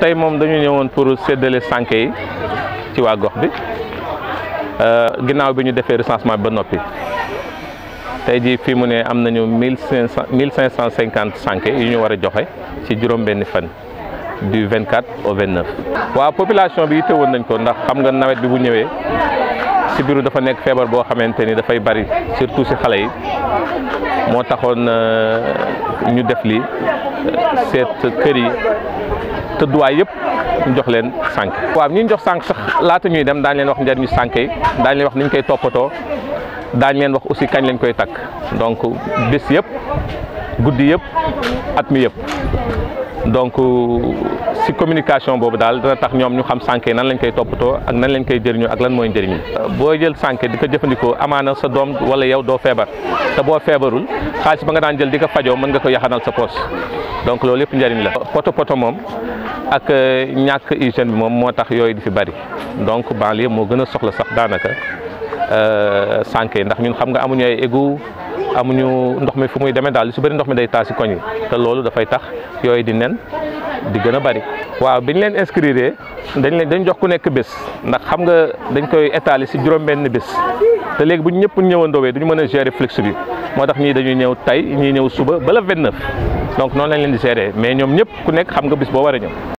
tey moom dañu ñëwoon pour séddale sànke yi ci waa gox bi euh, ginnaaw bi ñu defee recensement ba noppi tey jii fii mu ne am nañu mille cinq cent mille cinq cent cinquante sànke yu ñu war a joxe ci juróom-benni fan du vingt quatre au vingt neuf. waaw population bi yittewoon nañ ko ndax xam nga nawet bi bu ñëwee si biiru dafa nekk feebar boo xamante ni dafay bari surtout si xale yi moo taxoon euh, ñu def lii. seet kër yi tëdduwaay yëpp jox leen sànq. waaw ñi jox sànq sax laata ñuy dem daañ leen wax njëriñu sànq yi daañ leen wax ni koy toppatoo daañ leen wax aussi kañ lañ koy takk donc bés yëpp guddi yëpp at mi yëpp. donc euh, si communication boobu daal dina tax ñoom ñu xam sànke nan lañ koy toppatoo ak nan lañ koy jëriñoo ak lan mooy njëriñu euh, boo jël sànke di ko jëfandikoo amaana sa doom wala yow doo feebar te boo feebarul xaalis ba nga daan jël di ko fajoo mën nga ko yaxanal sa poos donc loolu yëpp njëriñ la poto poto moom ak euh, ñàkk hygiène bi moom moo tax yooyu di fi bari donc banlieue moo gën a soxla sax daanaka sànke ndax ñun xam nga amuñu ay égout amuñu ndox mi fu muy demee daal li su bëri ndox mi day taa si koñ yi te loolu dafay tax yooyu di nen di gën a bëri. waaw bi ñu leen inscrire dañ leen dañ jox ku nekk bés ndax xam nga dañ koy étaler si juróom-benn bés te léegi bu ñëpp ñëwandoowee duñu mën a gérer flux bi moo tax ñii dañuy ñëw tey ñii ñëw suba bala le 29 donc noonu lañ leen di gérer mais ñoom ñëpp ku nekk xam nga bis boo war a ñëw.